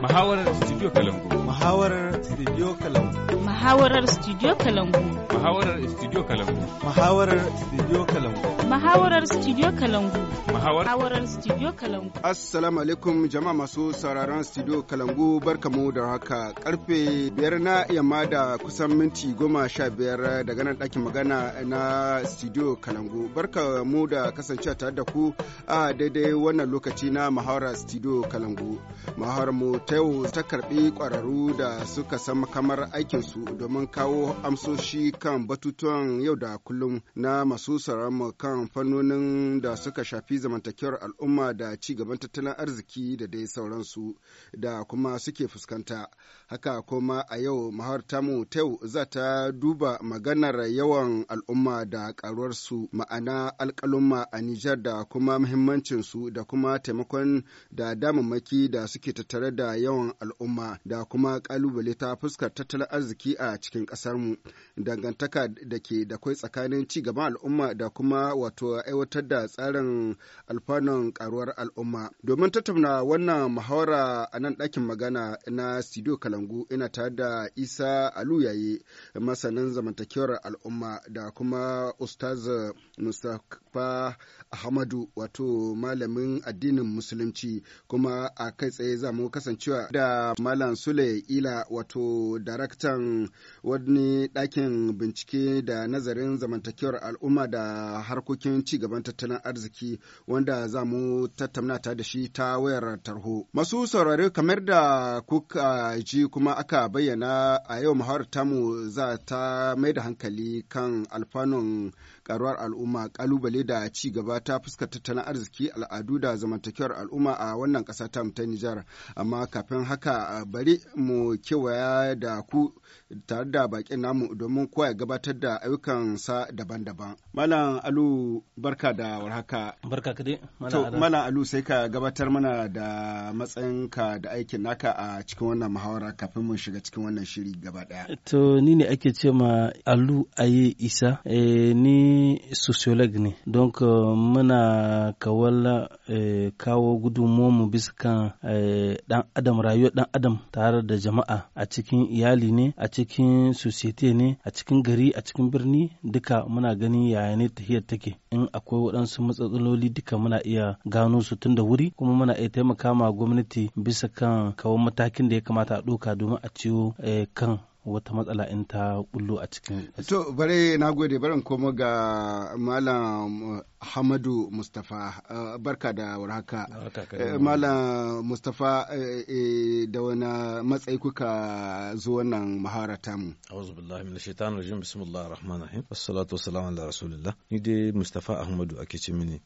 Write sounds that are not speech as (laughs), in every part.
Muhawarar Studio Kalangu. Muhawarar Studio Kalangu. Muhawarar Studio Kalangu. Muhawarar Studio Kalangu. Muhawarar Studio Kalangu. Muhawarar Studio Kalangu. Muhawarar Studio Kalangu. Assalamu alaikum jama'a masu sauraron Studio Kalangu barkamu da haka karfe biyar na yamma da kusan minti goma sha biyar daga nan ɗakin magana na Studio Kalangu. Barka mu da kasancewa tare da ku a daidai wannan lokaci na Muhawarar Studio Kalangu. Muhawarar mu ta yau ta karbi kwararru da suka san makamar aikinsu domin kawo amsoshi kan batutuwan yau da kullum na masu mu kan fannonin da suka shafi zamantakewar al'umma da ci gaban tattalin arziki da dai sauransu da kuma suke fuskanta haka kuma a yau mahartamu tew za ta duba maganar yawan al'umma da karuwarsu ma'ana alkalumma a nijar da kuma muhimmancinsu da kuma taimakon da damammaki da suke tattare da yawan al'umma da kuma kalubale ta fuskar tattalin arziki a cikin mu dangantaka da ke da kwai tsakanin ci gaban al'umma da kuma wato aiwatar da tsarin alfanun karuwar al'umma domin tattauna wannan muhawara a nan ɗakin magana na studio Kalangu ina tare da Isa Aluyaye masanin zamantakewar al'umma da kuma Ustaz Mustapha Ahmadu wato malamin addinin musulunci kuma a kai tsaye za mu kasancewa da Malam Sule Ila wato daraktan wani ɗakin bincike da nazarin zamantakewar al'umma da harkokin cigaban tattalin arziki wanda za mu tattauna ta da shi ta wayar tarho. Masu saurari kamar da kuka ji kuma aka bayyana a yau muhawar tamu za ta mai da hankali kan alfanun karuwar al'umma kalubale da ci gaba ta fuskar tattalin arziki al'adu da zamantakewar al'umma a wannan kasa ta ta Nijar amma kafin haka bari mu kewaya da ku tare da bakin namu domin kowa ya gabatar da ayyukan sa daban-daban. Malam Alu barka da warhaka. Barka kade. Malam Alu sai ka gabatar mana da matsayin ka da aikin naka a cikin wannan muhawara kafin mu shiga cikin wannan shiri gaba daya. To ni ne ake ce ma Alu Aye Isa. Eh, ni sociologue sociolog ne don euh, muna kawal eh, kawo gudunmu bisa kan eh, dan adam rayuwar dan adam tare da jama'a a cikin iyali ne a cikin society ne a cikin gari a cikin birni duka muna gani yaya ne tahiyar take in akwai waɗansu matsaloli duka muna iya gano su tun da wuri kuma muna iya taimaka ma gwamnati bisa kan kawo matakin da ya kamata a ɗauka domin a ciwo eh, kan wata matsala in ta bullo a cikin to bare na gode barin koma ga malam hamadu mustapha eh, barka da warhaka eh, malam mustapha eh, da wani matsayi kuka zo wannan mahara tamu a'udhu billahi minash shaitanir rajim bismillahir rahmanir rahim wassalatu wassalamu ala rasulillah ni dai mustapha ahmadu ake ce mini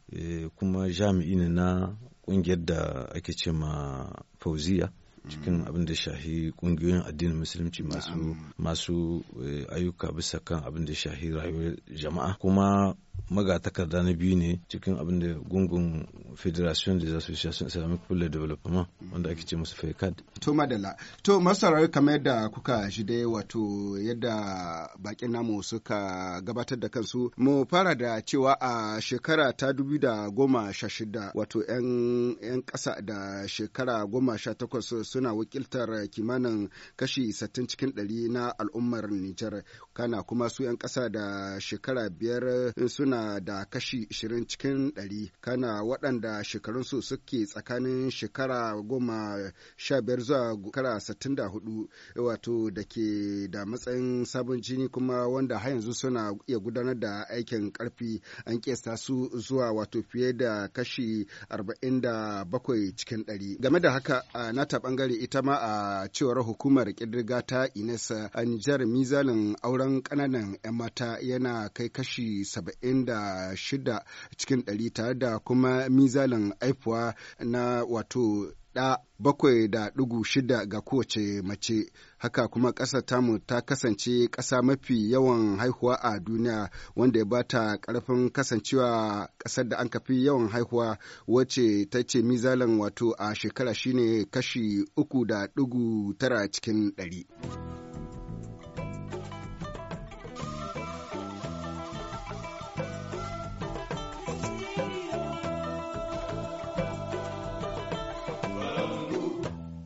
kuma jami'i ne na kungiyar da ake ce ma fauziya cikin abin da shahi kungiyoyin addinin musulunci masu masu eh, ayyuka bisa kan abin da shahi rayuwar jama'a kuma magatakarda na biyu ne cikin abin da gungun federation des associations islamic pour le development wanda ake ce musu faikad e to madala to masarar kamar da kuka shi dai wato yadda bakin namu suka gabatar da kansu mu fara da cewa a shekara ta dubu da goma sha shida wato yan kasa da shekara goma sha takwas suna wakiltar kimanin kashi sattin cikin ɗari na al'ummar nijar kana kuma su yan kasa da shekara biyar eh, su suna da kashi 20 cikin 100 kana waɗanda shekarunsu suke tsakanin shekara goma sha biyar zuwa shekara sittin da hudu wato da ke da matsayin sabon jini kuma wanda har yanzu suna iya gudanar da aikin karfi an kesa su zuwa wato fiye da kashi arba'in da bakwai cikin 100 game da haka a nata bangare ita ma a cewar hukumar ƙirƙirga ta inesa an jar mizalin auren ƙananan 'yan mata yana kai kashi saba'in 46 cikin 100 tare da kuma mizalin aifuwa na wato da bakwai da dugu shida ga kowace mace haka kuma ƙasa tamu ta kasance ƙasa mafi yawan haihuwa a duniya wanda ya bata ƙarfin kasancewa ƙasar da an kafi yawan haihuwa wacce ta ce mizalin wato a shekara shine kashi uku da dugu tara cikin ɗari.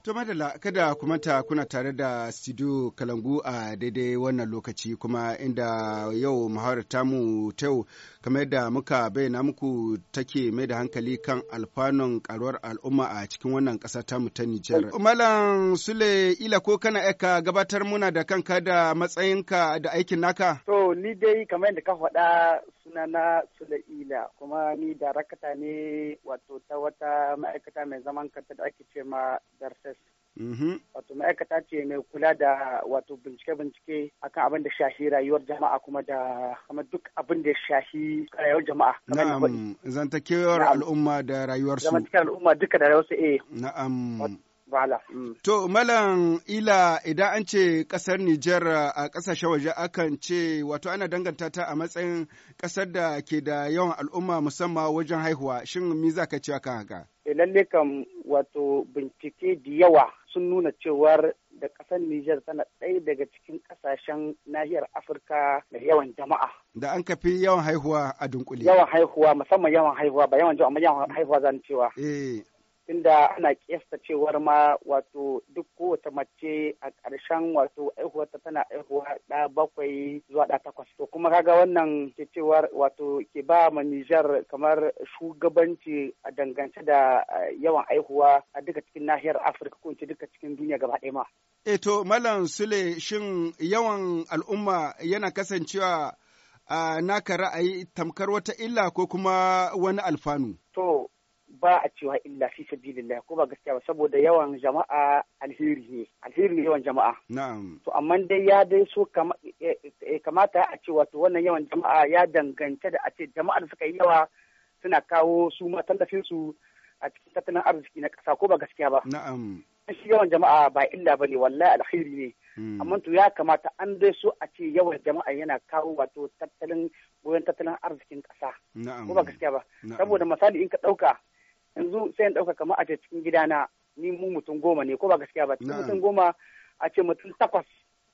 To madalla kada ku manta kuna tare da studio Kalangu a daidai wannan lokaci kuma inda yau muhawar tamu tau kamar da muka bayyana muku take mai da hankali kan alfanun karuwar al'umma a cikin wannan ƙasa tamu ta Nijar. Oh, Malam Sule ila ko kana aika gabatar muna da kanka da matsayinka da aikin naka? To ni dai kamar yadda ka faɗa suna na Sula'ila kuma ni darakta ne wato ta wata ma'aikata mai zaman kanta da ake ce ma Darses. Mm-hmm. Wato ma'aikata ce mai kula da wato bincike-bincike akan abin da shahi rayuwar jama'a kuma da kuma duk abin da shahi rayuwar jama'a. Na'am, zantakewar al'umma da rayuwarsu. Zantakewar al'umma duka da rayuwarsu eh. Na'am. Bala. Mm. To, Malam Ila idan an ce ƙasar Nijar a ƙasashen waje akan ce wato ana danganta ta a matsayin ƙasar da ke da yawan al'umma musamman wajen haihuwa, shin mi za ka ce akan haka? Eh, lalle kam wato bincike da yawa sun nuna cewar da ƙasar Nijar tana ɗaya daga cikin ƙasashen nahiyar Afirka da yawan jama'a. Da an kafi yawan haihuwa a dunkule. Yawan haihuwa musamman yawan haihuwa ba yawan jama'a amma yawan haihuwa zan cewa. Eh. inda ana kiyasta cewar ma wato duk kowace mace a ƙarshen wato ta tana aihuwa da bakwai zuwa da takwas to kuma kaga wannan ke cewar wato ke ba ma Nijar kamar shugabanci a dangance da eh, yawan aihuwa a duka cikin nahiyar Afirka ko duka cikin duniya gaba ɗaya ma. eh to Malam Sule shin yawan al'umma yana kasancewa a ah, naka ra'ayi tamkar wata illa ko kuma wani alfanu? To ba a cewa illa fi sabilillah ko ba gaskiya ba saboda yawan jama'a alheri ne alheri ne yawan jama'a na'am to amma dai ya dai so kamata a ce wato wannan yawan jama'a ya danganta da a ce jama'a da suka yi yawa suna kawo su ma tallafin su a cikin tattalin arziki na kasa ko ba gaskiya ba na'am shi yawan jama'a ba illa bane wallahi alheri ne hmm. amma to ya kamata an dai so a ce yawan jama'a yana kawo wato tattalin goyon tattalin arzikin kasa ko ba gaskiya ba saboda misali in ka ɗauka yanzu sai in ɗauka kamar a cikin gidana ni mu mutum goma ne ko ba gaskiya ba cikin mutum goma a ce mutum takwas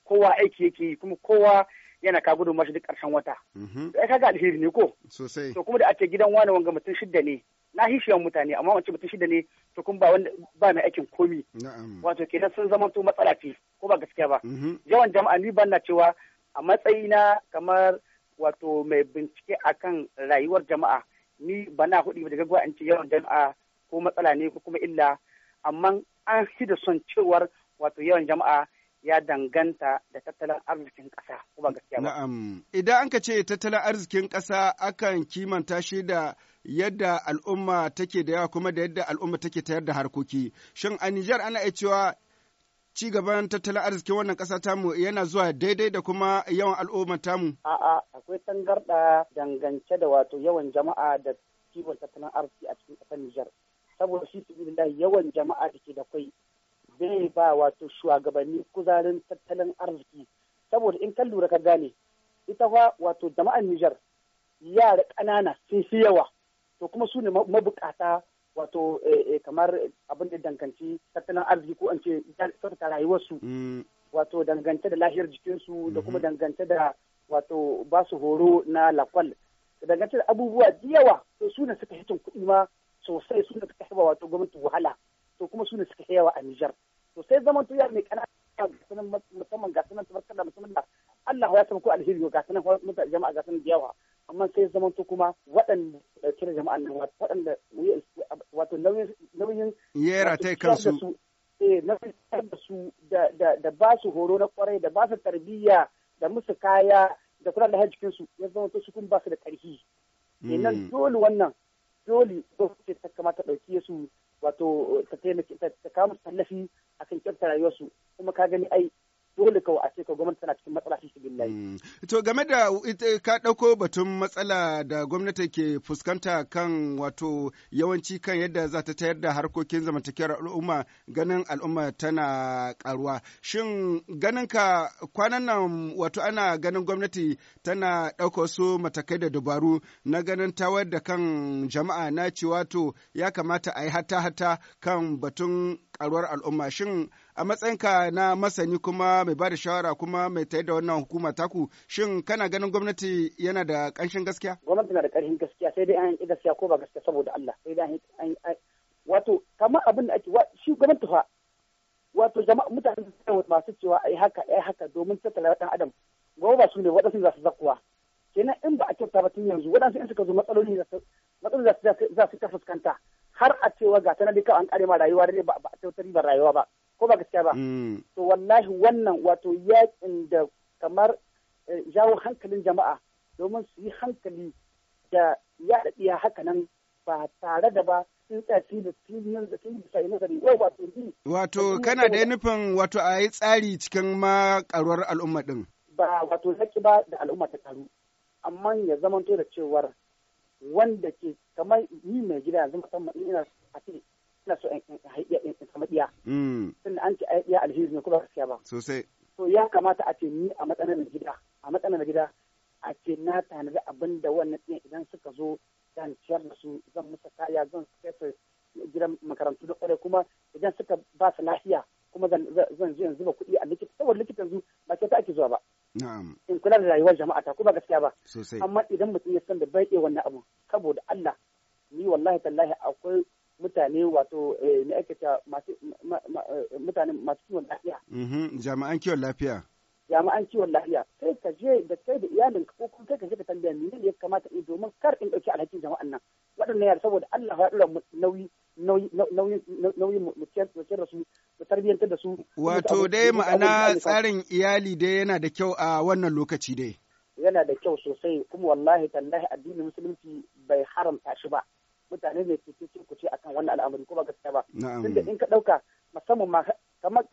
kowa aiki yake yi kuma kowa yana ka gudun mashi duk ƙarshen wata. Sai mhm. kaga alheri ne ko? Sosai. To kuma da a ce gidan wani wanga mutum shidda ne na hishiyan mutane amma wance mutum shida ne to kun ba wanda ba mai aikin komi. Wato kenan sun zama to matsala ce ko ba gaskiya ba. Mhm. Yawan jama'a ni ban na cewa a matsayina kamar wato mai bincike akan rayuwar jama'a ni ba na hudu ba da gaggawa an ce yawan jama'a ko matsala ne ko kuma illa amma an fi da son cewar wato yawan jama'a ya danganta da tattalin arzikin ƙasa ko ba gaskiya ba. Na'am, idan an ka ce tattalin arzikin ƙasa akan kimanta shi da yadda al'umma take da yawa kuma da yadda al'umma take tayar da harkoki. Shin a Nijar ana iya cewa ci gaban tattalin arzikin wannan ƙasa tamu yana zuwa daidai da kuma yawan al'ummar tamu? A'a, akwai tangarɗa dangance da wato yawan jama'a da kiwon tattalin arziki a cikin ƙasar Nijar. Saboda shi sabilillahi yawan jama'a da ke da kwai bai ba wato shugabanni kuzarin tattalin arziki. Saboda in kan lura ka gane, ita fa wato jama'ar Nijar yara ƙanana sun fi yawa, to kuma su ne mabukata wato eh, eh, kamar abin da danganci tattalin arziki ko an ce kyautata rayuwarsu mm. wato dangance da lahiyar jikinsu da kuma mm-hmm. dangance da wato ba su horo na lakwal dangance da abubuwa da yawa to su ne suka hitin kuɗi ma sosai su ne suka haifa wato gwamnati wahala to kuma su ne suka yawa a Nijar to sai zaman tuya mai kana musamman ga sunan tabarkar da musamman da Allah ya san ko alheri ga sanan mutane jama'a ga sanan yawa amma sai zaman to kuma waɗanda kira jama'an nan waɗanda wato nauyin yera ta kansu eh nauyin da su da ba su horo na kwarai da ba su tarbiyya da musu kaya da kula da hajjikin su ya zama to su kun ba su da ƙarfi hmm. kenan dole wannan dole gwamnati ta kamata ɗauki su wato ta taimaki ta kama tallafi akan kyautar rayuwarsu kuma ka gani ai dole kawai a ce ka gwamnati tana cikin matsala shi hmm. To game da ka ɗauko batun matsala da gwamnati ke fuskanta kan wato yawanci kan yadda za ta tayar da harkokin zamantakewar al'umma ganin al'umma tana karuwa. Shin ganin ka kwanan nan wato ana ganin gwamnati tana ɗauka su matakai da dabaru na ganin tawar da kan jama'a na cewa to ya kamata a yi hata-hata kan batun karuwar al'umma. Shin a matsayinka na masani kuma mai ba da shawara kuma mai tayar da wannan hukuma taku shin kana ganin gwamnati yana da ƙanshin gaskiya? Gwamnati na da ƙarfin gaskiya sai dai an yi gaskiya ko ba gaskiya saboda Allah sai dai an yi wato kamar abin da ake shi gwamnati fa wato jama'a mutane masu cewa ai haka ai haka domin tattala dan adam gobe ba su ne waɗansu za su zakuwa kenan in ba a kyauta ba tun yanzu waɗansu in suka zo matsaloli matsaloli za su ta fuskanta har a cewa ga ta na dika an kare ma rayuwa dai ba a kyautar ba rayuwa ba ko ba gaskiya ba mm. to wallahi wannan wato yakin da kamar eh, jawo hankalin jama'a domin su yi hankali da ya ɗiya haka nan ba tare da ba Wato, kana da nufin wato a yi tsari cikin karuwar al'umma din. Ba wato zaki ba da al'umma ta karu, amma ya zamanto da cewar wanda ke kamar yi mai gida yanzu musamman ina a cikin ina so in samu diya mm. tunda an ce diya alheri ne kuma gaskiya ba sosai to ya kamata a ce ni a matsayin gida a matsayin gida a ce na tanadi abin da wannan ɗin idan suka zo zan ciyar da su zan musa kaya zan kai su gidan makarantu da kwarai kuma idan suka ba su lafiya kuma zan je yanzu ba kuɗi a likita saboda likita zu ba ta ake zuwa ba in kula da rayuwar jama'a ta kuma gaskiya ba amma idan mutum ya san da bai wannan abu saboda Allah ni wallahi tallahi akwai mutane wato na eh, ake ta eh, mutane masu kiwon lafiya. Mm-hmm. Jami'an kiwon lafiya. Jami'an kiwon lafiya. Sai ka je da kai da iyalin ko kuma kai ka je ka tambaya mene ne ya kamata in domin kar in ɗauki alhakin jama'an nan. Waɗannan yara saboda Allah ya ɗora nauyi nauyin mutum da su da tarbiyyantar da su. Wato dai ma'ana tsarin iyali dai yana da kyau a wannan lokaci dai. Yana da kyau sosai kuma wallahi tallahi addinin musulunci bai haramta shi ba. mutane ne su ce ku ce akan wannan al'amari ko ba gaskiya ba tunda in ka dauka musamman ma kamar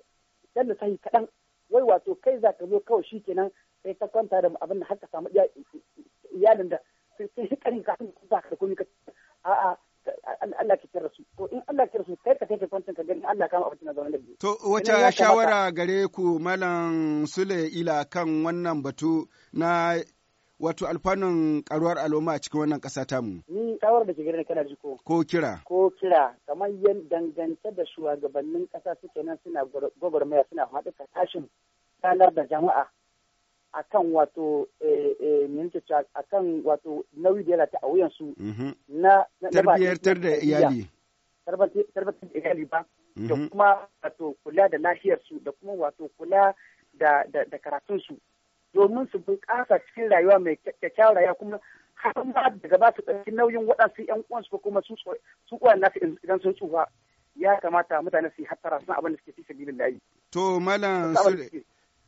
dan da sai kadan wai wato kai za ka zo kawai shikenan sai ka kwanta da abin da har ka samu iyalin da sai shi karin ka ku za ka komai ka a'a Allah ke kira su to in Allah ke kira su kai ka kai ka kwanta ka gani Allah kama abin da zaman da biyu to wace shawara gare ku malam Sule ila kan wannan batu na wato alfanun karuwar al'umma a cikin wannan ƙasa tamu? Ni shawarar da ke gare kana jiko. Ko kira. Ko kira kamar yan dangance da shugabannin ƙasa suke nan suna gwagwarmaya suna haɗu ka tashin sanar da jama'a akan wato eh, eh, akan wato nauyi da ta a wuyansu mhm. na tarbiyyantar da iyali. tarbiyyar da iyali ba. Da mhm. kuma wato kula da lafiyarsu da kuma wato kula da karatunsu. domin su bunƙasa cikin rayuwa mai kyakkyawar rayuwa kuma har ma daga ba su ɗauki nauyin waɗansu ƴan uwansu ko kuma su su na nasu idan sun tsufa ya kamata mutane su yi hattara suna abin da suke fi sabilin layi. To malam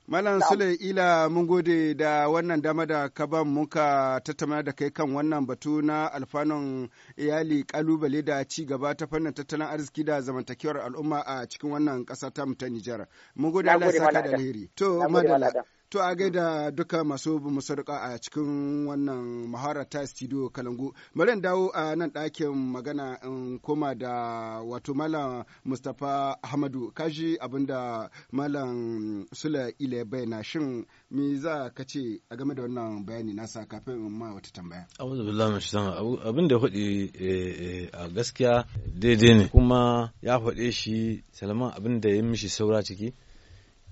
Malam Sule Ila mun gode da wannan dama da ka ban muka tattauna da kai kan wannan batu na alfanun iyali kalubale da ci gaba ta fannin tattalin arziki da zamantakewar al'umma a cikin wannan ƙasa ta mu ta Nijar. Mun gode Allah ya saka da alheri. To madalla. To a gaida duka masu musarka a cikin wannan mahara ta studio Kalangu. Bari dawo a nan ɗakin magana in koma da wato Malam Mustapha Ahmadu kaji abinda Malam Sula Ile bayyana shin me za ka ce a game da wannan bayani nasa kafin in ma wata tambaya. A'udhu billahi abin da eh, eh, a gaskiya daidai ne kuma ya faɗe shi Salman abin da ya mishi saura ciki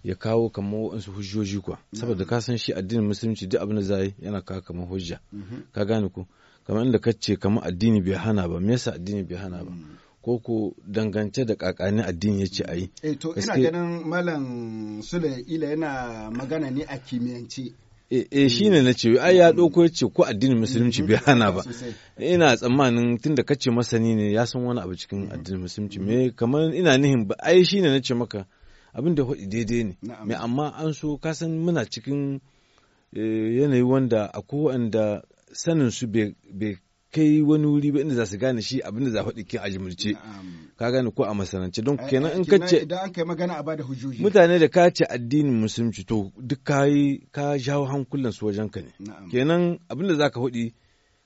ya kawo kamar waɗansu hujjoji kuwa saboda ka san shi addinin musulunci duk abin da zai yana kawo kamar hujja mhm. ka gane ku kamar inda ka ce kamar addini bai hana ba me yasa addini bai hana ba mm. ko ko dangance da kakanin addini ya ce a yi. Eh, to ina ganin malam sule ila yana magana ne a kimiyyance eh, eh shi ne na ce ai ya ɗauko ya ce ko addinin musulunci mm-hmm. bai hana ba ina tsammanin tunda kace masani ne ya san wani abu cikin mm. addinin musulunci me kamar ina nihin ba ai shi ne na ce maka abin da daidai ne mai amma an so kasan muna cikin eh, yanayi wanda a wanda sanin su bai kai wani wuri ba inda za su gane shi abin da za faɗi kin ajimurce ka gane ko a masarance don eh, kenan in eh, kace idan an kai magana a bada mutane da ka ce addinin musulunci to duk yi ka jawo hankulan su wajen ka ne kenan abin da ka faɗi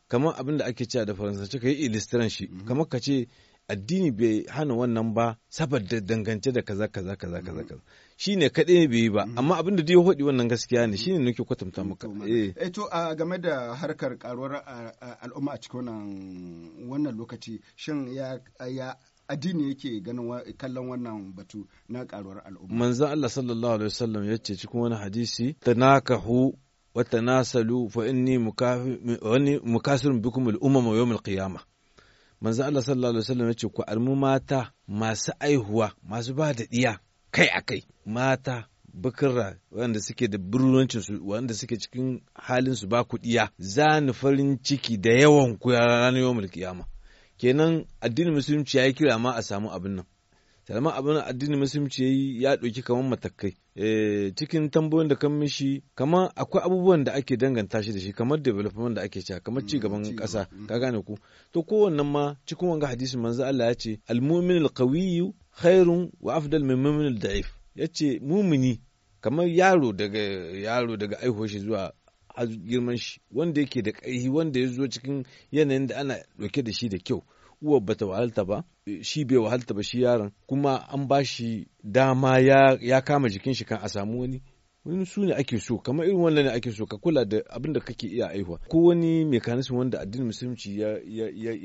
kamar abin da ake cewa da faransanci ka yi ilistiran shi mhm. kamar ka ce addini bai hana wannan ba saboda dangance da kaza kaza kaza kaza kaza shi ne kaɗai bai yi ba mm-hmm. amma abinda da ya haɗi wannan gaskiya ne shi ne nake kwatanta mm-hmm. maka eh. eh to a game da harkar karuwar al'umma a cikin wannan lokaci shin ya addini yake ganin kallon wannan batu na karuwar al'umma manzo Allah sallallahu alaihi wasallam ya ce cikin wani hadisi tanakahu wa tanasalu fa inni mukasirun bikum al'umma yawm al-qiyamah manzo Allah sallallahu alaihi wasallam yace ku almu mata masu aihuwa masu ba da diya kai a kai mata bakirra wanda suke da burunancin su wanda suke cikin halin su ba ku diya zani farin ciki da yawan ku ranar yawmul kiyama kenan addinin musulunci yayi kira ma a samu abin nan salama abin addinin musulunci ya ɗauki kamar matakai Eh, cikin tambayoyin da kan mishi kamar akwai abubuwan da ake danganta shi da shi kamar development da ake cewa kamar mm, ci gaban kasa mm. ka gane ku to kowannen ma cikin wanga hadisi manzo Allah ya ce al-mu'min al-qawiyyu khairun wa afdal min mu'min al-da'if yace mumini kamar yaro daga yaro daga aihuwar shi zuwa girman shi wanda yake da ƙarfi wanda ya zo cikin yanayin da ana ɗauke da shi da kyau uwar bata wahalta ba shi bai wahalta ba shi yaron kuma an ba shi dama ya kama jikin shi kan a samu wani wani su ne ake so kamar irin wannan ne ake so ka kula da abin da kake iya aihuwa ko wani mekanism wanda addinin musulunci ya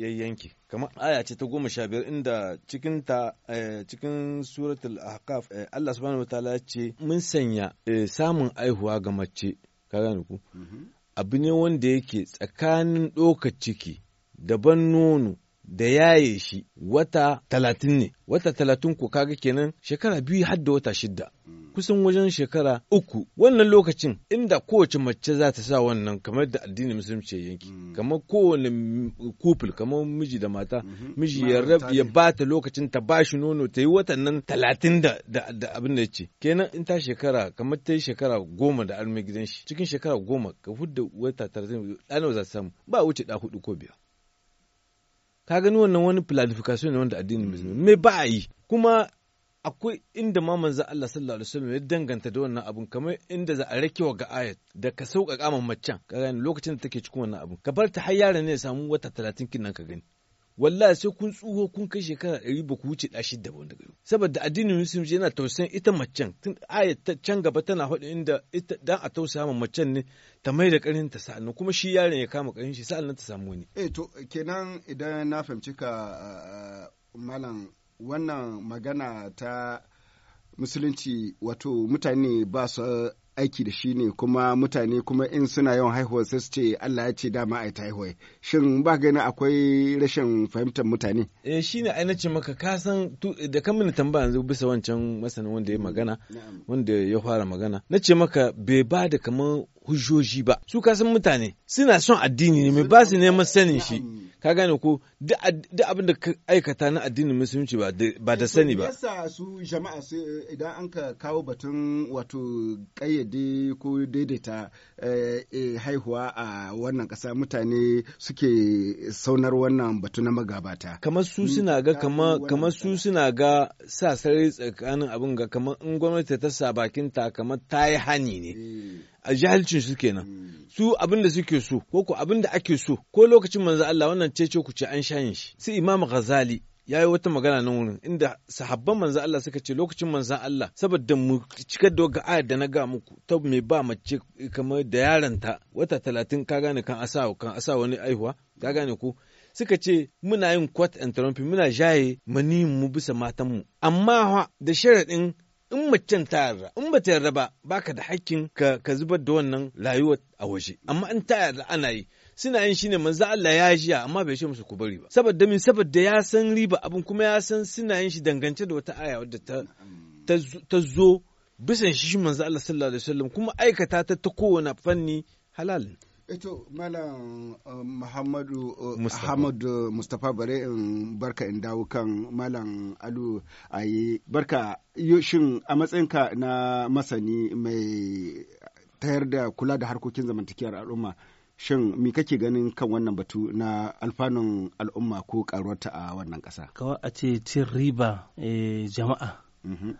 yanke kamar aya ce ta goma sha biyar inda cikin ta eh, cikin suratul ahqaf eh, Allah subhanahu wataala ce mun sanya eh, samun aihuwa ga mace ka gane ku mm-hmm. abu ne wanda yake tsakanin ɗaukar ciki daban nono da yaye shi wata talatin ne wata talatin ko kaga kenan shekara biyu har da wata shidda kusan wajen shekara uku wannan lokacin inda kowace mace za ta sa wannan kamar da addinin musulunci yanki mm. kamar kowane kufil kamar miji da mata mm-hmm. miji ya ba ta lokacin ta ba shi nono ta yi nan talatin da abin da ce kenan in ta shekara kamar ta yi shekara goma da armi gidan shi cikin shekara goma ka da wata talatin ɗana za ta samu ba wuce ɗa hudu ko biyar ka gani wannan wani planification ne wanda addinin musulmi me ba a yi kuma akwai inda ma manzo Allah sallallahu alaihi wasallam ya danganta da wannan abun kamar inda za a rake wa ga ayat da ka sauƙaƙa ma ka gani lokacin da take cikin wannan abun ka bar ta har yaron ne ya samu wata 30 kin nan ka gani wallahi sai kun tsuho kun kai shekara ɗari ba ku wuce ɗashi da ba gari saboda addinin musulunci yana tausayin ita macen tun aya ta can gaba tana faɗi inda ita dan a tausaya ma macen ne ta mai da ƙarin ta sa'annan kuma shi yaron ya kama ƙarin shi sa'annan ta samu wani. eh to kenan idan na fahimci ka eh, malam wannan magana ta musulunci wato mutane ba su aiki da shi ne kuma mutane kuma in suna yawan haihuwa sai su ce Allah ya ce dama a ta haihuwa shin ba gani akwai rashin fahimtar mutane eh shine ai nace maka ka da kan mini tambaya yanzu bisa wancan masanin wanda ya magana wanda ya fara magana nace maka bai ba da kamar hujjoji ba su kasan mutane suna son addini ne mai ba su neman sanin shi ka gane ko duk abin da ka aikata na addinin musulunci ba da sani ba yasa su jama'a idan an ka kawo batun wato kayyade ko daidaita eh, eh, haihuwa a wannan kasa mutane suke saunar wannan batu na magabata kamar su suna ga kamar su suna ga sa sarari tsakanin abin ga kamar in gwamnati ta sa bakin ta kamar ta yi hani ne eh. a jahilcin su kenan hmm. su abin da suke so ko ko abin da ake so ko lokacin manzo Allah wannan ce ku ce an shayin shi su Imam Ghazali ya yi wata magana nan wurin inda sahabban manzo Allah suka ce lokacin manzo Allah saboda mu cikar da ga ayar da na ga muku ta me ba mace kamar da ta wata talatin ka gane kan asa kan asa wani aihuwa ka gane ko suka ce muna yin quote and trumpet muna jaye manin mu bisa matan mu amma da sharaɗin in macen ta yarda in ba ta yarda ba baka da hakkin ka ka zubar da wannan rayuwa a waje amma in ta yarda ana yi suna yin shine manzo Allah ya jiya amma bai ce musu ku bari ba saboda min saboda ya san riba abin kuma ya san suna yin shi dangance da wata aya wadda ta ta zo bisan shi manzo Allah sallallahu alaihi wasallam kuma aikata ta ta kowane fanni halalin Ito Malam uh, Muhammadu Muhammadu Mustafa. Mustapha uh, bare in barka in dawo kan Malam Alu ayi barka shin a matsayinka na masani mai tayar da kula da harkokin zamantakiyar al'umma shin me kake ganin kan wannan batu na alfanun al'umma ko karuwarta a wannan kasa Kawai a ce cin riba eh, jama'a. Mm-hmm.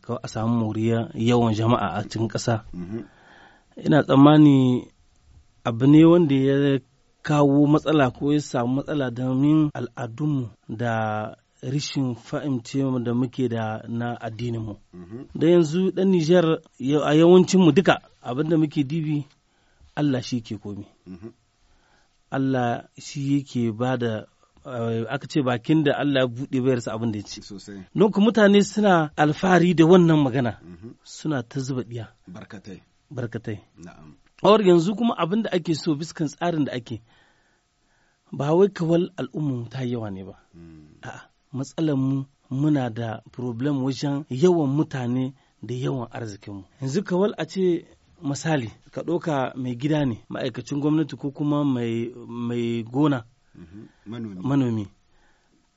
Eh, a samu moriya yawan jama'a a cikin kasa mm-hmm. ina tsammani abu ne wanda ya kawo matsala ko ya samu matsala domin al'adunmu da rishin fahimce da muke da na addininmu. Mhm. Da yanzu ɗan Nijar a yawancinmu duka abinda muke dibi Allah shi ke komi. Mhm. Allah shi yake ba da eh, aka ce bakin da Allah ya buɗe bayarsa abin da ya ce. Don mutane suna alfahari da wannan magana mhm. suna ta zuba ɗiya. Barkatai. or yanzu kuma abin da ake so biskan tsarin da ake ba wai kawal al'ummu ta yawa ne ba hmm. a'a matsalar mu muna da problem wajen yawan mutane da yawan arzikinmu yanzu kawal a ce misali ka ɗauka mai gida ne ma'aikacin gwamnati ko kuma mai gona mhm. manomi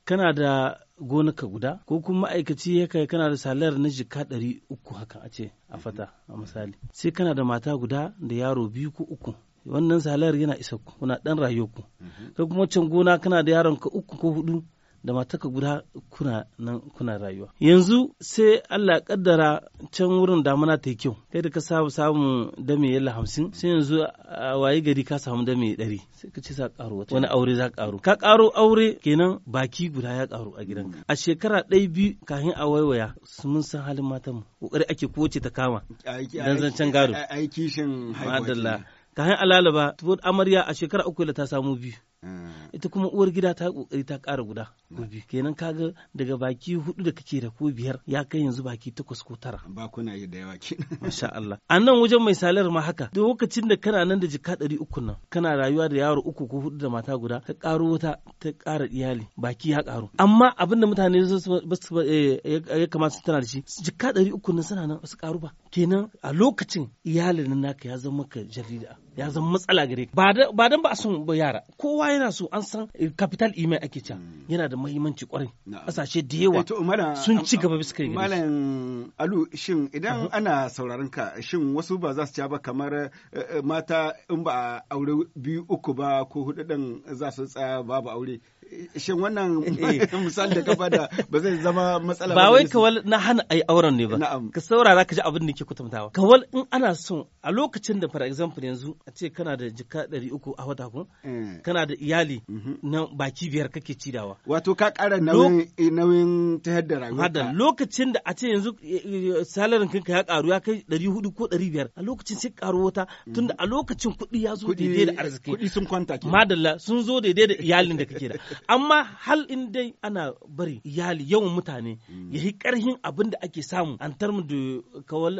kana da gonaka guda ko kuma ma'aikaci ya kai kana da salar na jika ɗari uku haka a ce a mhm. fata a misali sai kana da mata guda da yaro biyu ko uku wannan salar yana isa ku kuna ɗan rayuwa ku mhm. kai kuma can gona kana da yaron ka uku ko hudu da mataka guda kuna nan kuna rayuwa yanzu sai Allah kaddara can wurin damuna ta yi kyau kai da ka samu samu dame yalla hamsin sai yanzu a waye gari ka samu dame ɗari sai ka ce sa wata. wani aure za karo ka karo aure kenan baki guda ya karo a gidanka a shekara ɗaya biyu kafin a waiwaya mun san halin mu kokari ake kowace ta kama dan zancen gado aiki shin madalla kafin alalaba tuwon amarya a shekara uku ta samu biyu Mm. ita kuma uwar gida ta kokari ta ƙara guda ko kenan kaga daga baki hudu da kake da ko biyar ya kai yanzu baki takwas ko tara ba kuna yi da yawa kenan (laughs) masha Allah a nan wajen mai salar ma haka da lokacin da kana nan da jika ɗari uku nan kana rayuwa da yaro uku ko hudu da mata guda ka karo wata ta ƙara iyali baki ya ƙaru amma abin da mutane eh, ya kamata su tana da shi jika ɗari uku nan suna nan su ƙaru ba kenan a lokacin iyalin naka ya zama ka jarida ya zama matsala gare ka ba dan ba a son yara kowa yana so an san eh, capital email ake can hmm. yana da muhimmanci kwarai kasashe da yawa eh, ah, sun ah, ci gaba bisa kai malam alu shin idan uh-huh. ana sauraron ka shin wasu ba za su ci ba kamar eh, mata in ba aure biyu uku ba ko hudu din za su tsaya babu aure shin wannan (laughs) misali da kafa da ba zai zama matsala ba wai kawal na hana ai auren ne ba ka saurara ka ji abin da ke kutantawa kawal in ana son a lokacin da for example yanzu a ce kana da jika ɗari uku a wata kun eh. kana da iyali mhm. na baki biyar kake cidawa wato ka ƙara nauyin eh, ta yadda rayuwa lokacin da a ce yanzu eh, salarin kanka ya karu ya kai ɗari hudu ko ɗari biyar a lokacin sai karu wata mhm. tunda a lokacin kuɗi ya zo daidai da arziki kuɗi sun kwanta ke madalla sun zo daidai da iyalin da kake da (laughs) amma hal in dai ana bari iyali yawan mutane hmm. ya yi karhin abin da ake samu an tarmu da kawal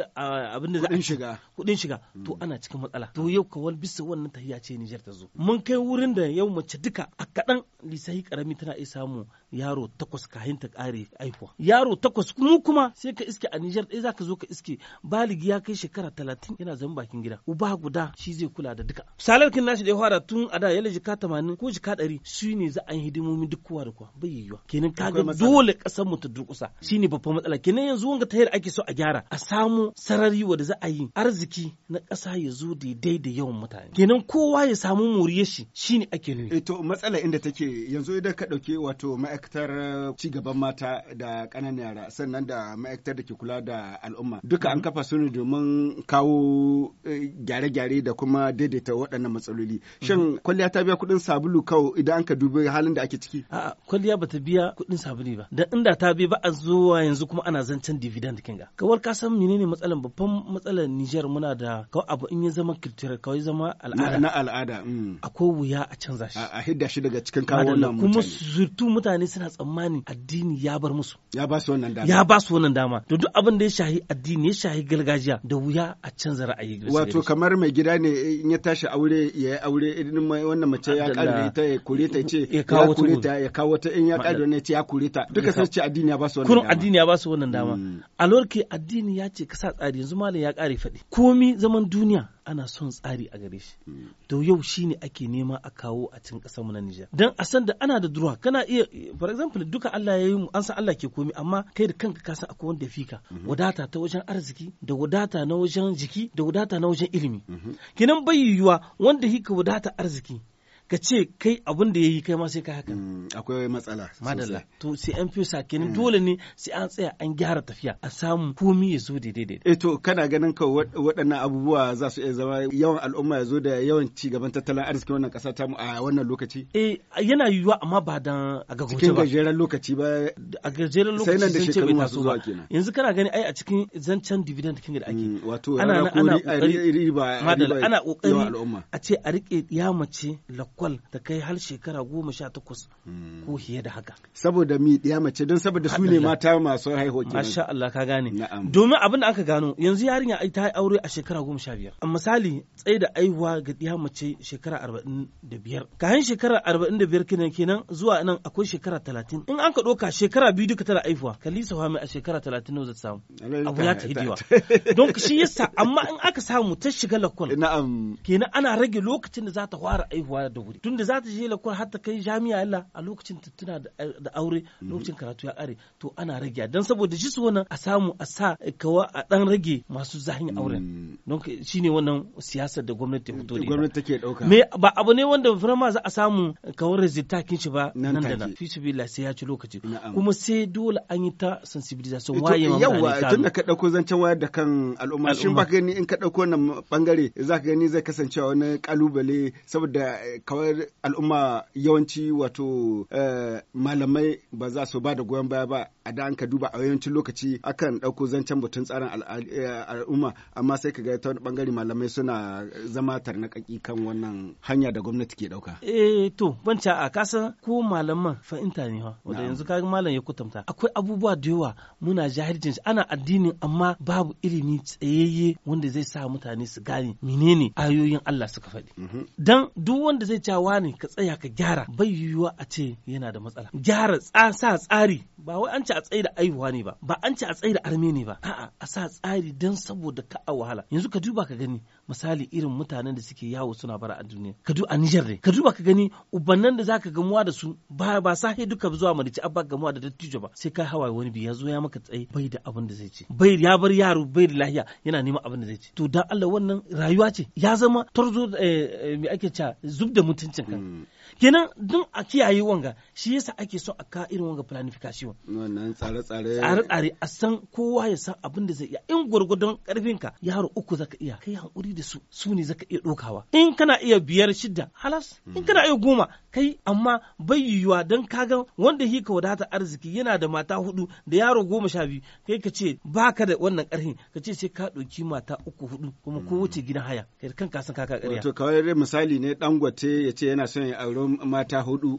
abin da kudin shiga kudin shiga hmm. to ana cikin matsala to yau kawal bisa wannan tahiya ce Niger ta zo mun kai wurin da yau mace duka a kadan lisahi karami tana iya samu yaro takwas kahin ta kare aihuwa yaro takwas mu kuma sai ka iske a Niger ɗaya zaka zo ka iske baligi ya kai shekara talatin yana zama bakin gida uba guda shi zai kula da duka salarkin nashi da ya fara tun a da ya jika tamanin ko jika ɗari shi ne za a yi hidimomin duk kowa da kowa bai yiwuwa kenan kaga dole kasar mu ta durkusa shine babban matsala kenan yanzu wanga ta yadda ake so a gyara a samu sarari wanda za a yi arziki na kasa ya zo daidai da yawan mutane kenan kowa ya samu moriyar shi shine ake nuni eh, to matsala inda take yanzu idan ka dauke wato ma'aikatar eh, ci gaban mata da ƙananan yara sannan da ma'aikatar da ke kula da al'umma duka an mhm. kafa su ne domin kawo eh, gyare-gyare da kuma daidaita waɗannan matsaloli mhm. shin kwalliya ta biya kuɗin sabulu kawai idan an ka dubi halin da ake ciki a'a kwalliya ta biya kuɗin sabuni ba da inda ta bi ba a zuwa yanzu kuma ana zancen dividend kinga kawar ka san menene matsalan babban matsalan Niger muna da kawai abu in ya zama kirtira kawai zama al'ada na al'ada mm. akwai wuya a canza shi a hidda shi daga cikin kawo wannan mutane kuma surtu mutane suna tsammani addini ya bar musu ya ba su wannan dama ya ba su wannan dama to duk abin da ya shahi addini ya shahi gargajiya da wuya a canza ra'ayi wato kamar mai gida ne in ya tashi aure ya yi aure irin wannan mace ya kare ta ya ta ce ya kawo kure ta ya kawo ta in ya ne ce ya kure ta duka sai ce addini ya ba su wannan kurun addini ya ba su wannan dama mm. a lorke addini ya ce ka sa tsari yanzu malam ya kare faɗi komi zaman duniya ana son tsari a gare shi mm. to yau shine ake nema a kawo a cikin ƙasar mu na Nijar dan a san da ana da duruwa kana iya for example duka Allah ya yi mu an san Allah ke komi amma kai da kanka ka san akwai wanda fika mm-hmm. wadata ta wajen arziki da wadata na wajen jiki da wadata na wajen ilimi mm-hmm. kinan bai yiwuwa wanda yake wadata arziki ka ce kai abin da ya yi kai ma sai ka haka. Mm, akwai matsala. Madalla. To sai an fi sa kenan mm. dole ne sai an tsaya an gyara tafiya a samu komi ya zo daidai daidai. Eh to kana ganin ka waɗannan abubuwa za su iya zama yawan al'umma ya zo da yawan ci gaban tattalin arziki wannan ƙasa mu a wannan lokaci? Eh yana yiwuwa amma ba dan a ga ba. Cikin gajeren lokaci ba. A gajeren lokaci sun shekaru masu zuwa kenan. Yanzu kana gani ai a cikin zancen dividend kinga da ake. Mm, wato ana ana riba riba a riba a ce a rike ya mace kwal ta kai har shekara goma sha takwas ko fiye da haka. Saboda mi ɗiya mace don saboda su ne mata masu haihuwa kenan. Masha Allah ka gane. Domin abin da aka gano yanzu yarinya ai ta yi aure a shekara goma sha biyar. misali tsaye da aihuwa ga ɗiya mace shekara arba'in da biyar. Kayan shekara arba'in da biyar kenan kenan zuwa nan akwai shekara talatin. In an ka ɗauka shekara biyu duka tana aihuwa Ka wa mai a shekara talatin nawa za ta samu. Abu ya ta hidewa. (laughs) Don shi yasa amma in aka samu ta shiga lakwal. Na'am. Kenan ana rage lokacin da za ta fara aihuwa da wuri tunda za ta je lakwar har ta kai jami'a Allah a lokacin ta tuna da aure mhm. lokacin karatu ya kare to ana rage dan saboda shi su wannan a samu a sa kawa a dan rage masu zahin auren mm. don shine wannan siyasar da gwamnati ta fito da gwamnati take dauka me ba abu ne wanda firama za a samu kawar rezita kin shi ba nan da nan fi sai ya ci lokaci kuma sai dole an yi ta sensibilisation waye ma yawa tun da ka dauko zancen wayar da kan al'umma shin ba gani in ka dauko wannan bangare za ka gani zai kasancewa wani kalubale saboda eh, kamar al'umma yawanci wato eh, malamai ba za su ba da goyon baya ba a da an ka duba a yawancin lokaci akan ɗauko zancen batun tsarin eh, al'umma amma sai ka ga ta wani bangare malamai suna zama tarnaƙaƙi kan wannan hanya da gwamnati ke ɗauka. eh to ca a kasa ko malaman fahimta ne wa wanda yanzu ka malam ya kutumta akwai abubuwa da yawa muna jahilcin ana addinin amma babu ilimi tsayayye wanda zai sa mutane su gane menene ayoyin Allah suka faɗi mhm. dan duk wanda zai cewa ne ka tsaya ka gyara bai yiwuwa a ce yana da matsala gyara sa tsari ba wai an ci a tsaye da aihuwa ne ba ba an ci a tsaye da arme ba a'a a sa tsari don saboda ka a wahala yanzu ka duba ka gani misali irin mutanen da suke yawo suna bara a duniya ka a Niger ne ka duba ka gani ubannan da zaka gamuwa da su ba ba sahi duka zuwa marici abba gamuwa da dattijo ba sai kai hawaye wani bi ya zo ya maka tsaye bai da abin da zai ci bai ya bar yaro bai da lahiya yana neman abin da zai ci to dan Allah wannan rayuwa ce ya zama tarzo eh, eh, me ake cewa zub da mutuncin ka hmm. kenan dun a kiyaye wanga shi yasa ake so a ka irin wanga planification wannan tsare-tsare tsare-tsare a san kowa ya san abin da zai iya in gwargwadon karfin ka yaro uku zaka iya kai hankuri da su su ne zaka iya ɗaukawa in kana iya biyar shida halas hmm. in kana iya goma kai amma bai yiwuwa don kaga wanda hi ka wadata arziki yana da mata hudu da yaro goma sha biyu kai ka ce ba ka da wannan ƙarfin ka ce sai ka ɗauki mata uku hudu kuma ko hmm. wuce gidan haya kai kan kasan kaka ƙarya wato kawai dai misali ne dangote ya ce yana son ya auri mata hudu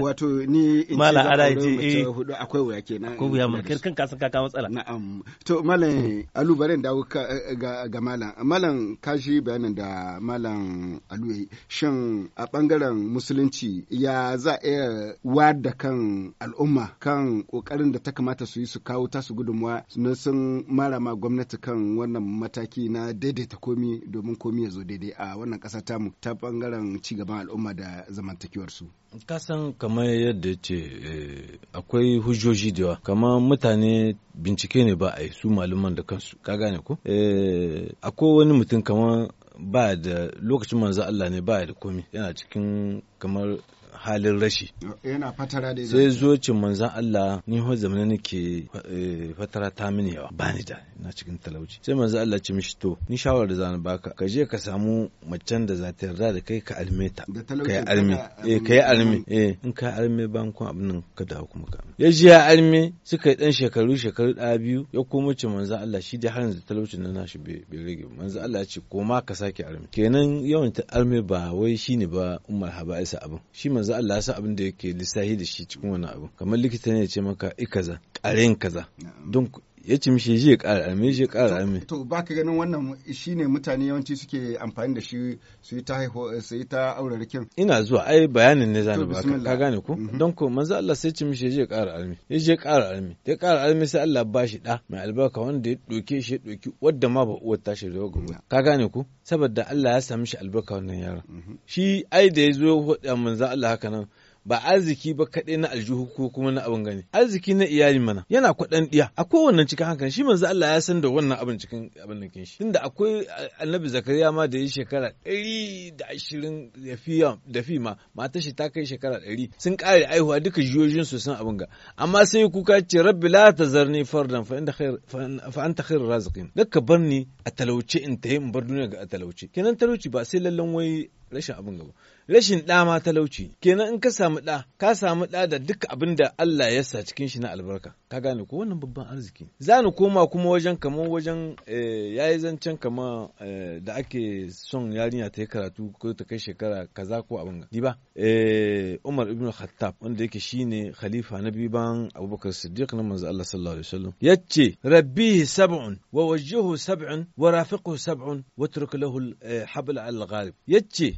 wato ni in ce zan auri mace eh. hudu akwai wuya kenan akwai wuya mun kai kan kasan kaka matsala na'am to malam alubaren dawo eh, ga malam malam kashi bayanin da malam aluye shin a bangaren musulunci ya za a iya wada kan al'umma kan kokarin da ta kamata su yi su kawo tasu gudunmuwa na sun marama gwamnati kan wannan mataki na daidaita komi domin komi ya zo daidai a wannan kasa tamu ta bangaren gaban al'umma da zamantakewarsu. kasan kamar yadda ce eh, akwai hujjoji da yawa kamar mutane bincike ne ba a yi su malaman da kansu ka gane ko eh, akwai wani mutum kamar ba da lokacin manzo Allah ne ba da komi yana cikin kamar halin rashi yana fatara da sai zocin manzan Allah ni ho zamana nake eh, fatara ta mini yawa ba ni da na cikin talauci sai manzan Allah ce mishi to ni shawara da zan baka ka je ka samu macen da za ta yarda da kai ka alme ta yi alme eh yi alme eh in ka alme ban ku abin nan ka dawo kuma ka ya je ya alme suka yi dan shekaru shekaru da biyu ya komo ce manzan Allah shi da har yanzu talaucin nan nashi bai rage manzan Allah ce ko ma ka sake alme kenan yawan ta alme ba wai shine ba haba isa abin shi manzo Allah ya sa abin da yake lissahi da shi cikin wani abu kamar likita ne ya ce maka i kaza ƙarin kaza don ya ci mishi je ƙara me je ƙara me to ba ka ganin wannan ne mutane yawanci suke amfani da shi su yi ta haihu su yi ta aure rikin ina zuwa ai bayanin ne zani ba ka gane ko mm-hmm. don ko manzo Allah sai ci mishi je ƙara almi ya je ƙara almi ya ƙara almi sai Allah ba shi ɗa mai albarka wanda ya ɗauke shi ya ɗauki wadda ma ba uwar tashi da yau ka gane ko saboda Allah ya sami shi albarka wannan yaron mm-hmm. shi ai da ya zo ya manzo Allah haka nan ba arziki ba kaɗai na aljihu ko kuma na abin gani arziki na iyali mana yana kwaɗan ɗiya a kowannan cikin hankali shi manzo Allah ya san da wannan abin cikin abin nan shi tunda akwai annabi zakariya ma da ya shekara 120 da ashirin da fi ma matar shi ta kai shekara 100 sun ƙare aihuwa duka jiyoyin su sun abin ga amma sai kuka ce rabbi la tazarni fardan fa inda khair fa anta khair raziqin dakka barni a talauce in tayi in bar duniya ga a talauce kenan talauci ba sai lallan wai rashin abin gaba rashin ɗa ma talauci kenan in ka samu ɗa ka samu ɗa da duk abin da Allah ya sa cikin shi na albarka ka gane ko wannan babban arziki za ni koma kuma wajen kamar wajen eh, yayi zancen kama eh, da ake son yarinya ta yi karatu ko ta kai shekara kaza ko abin ga ba eh, Umar ibn Khattab wanda yake shine khalifa na biyu bayan Abubakar Siddiq na manzo Allah sallallahu alaihi wasallam yace rabbihi sab'un wa wajhuhu sab'un wa rafiquhu sab'un wa turk lahu al-habl al-ghalib yace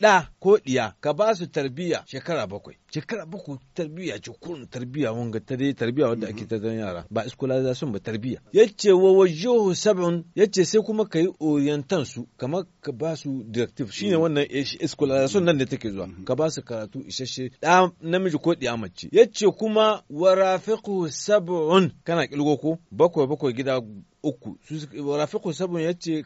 ɗa ko ɗiya ka ba su tarbiyya shekara bakwai shekara bakwai tarbiyya ce kurin tarbiyya wanga ga tare tarbiyya wadda ake ta yara ba iskola za su ba tarbiyya ce wa sabon. sab'un ce sai kuma ka yi orientan su kamar ka ba su directive shine mm. wannan eh, iskola su nan da take zuwa mm-hmm. ka ba su karatu isasshe ɗa namiji ko ɗiya mace ya ce kuma wa rafiqu sab'un kana kilgo ko bakwai bakwai gida uku su rafiqu sab'un ce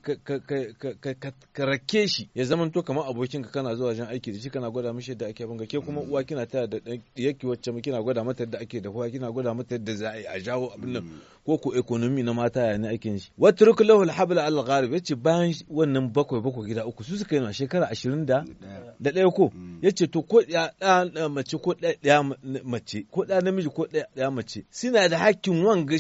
ka rake shi ya zamanto kamar abokin ka kana zuwa wajen aiki da shi kana gwada mishi da ake banga ke kuma mm. uwa kina taya da yake wacce mu kina gwada mata da ake da dafuwa kina gwada mata da za a jawo abin nan mm. ko ko economy na mata ya ne ake shi wa turuk lahu alhabl al gharib yace bayan wannan bakwai bakwai gida uku su suka yi ma shekara 20 da da ɗaya ko yace to ko ɗaya mace ko ɗaya mace ko ɗaya namiji ko ɗaya mace suna da hakkin wanga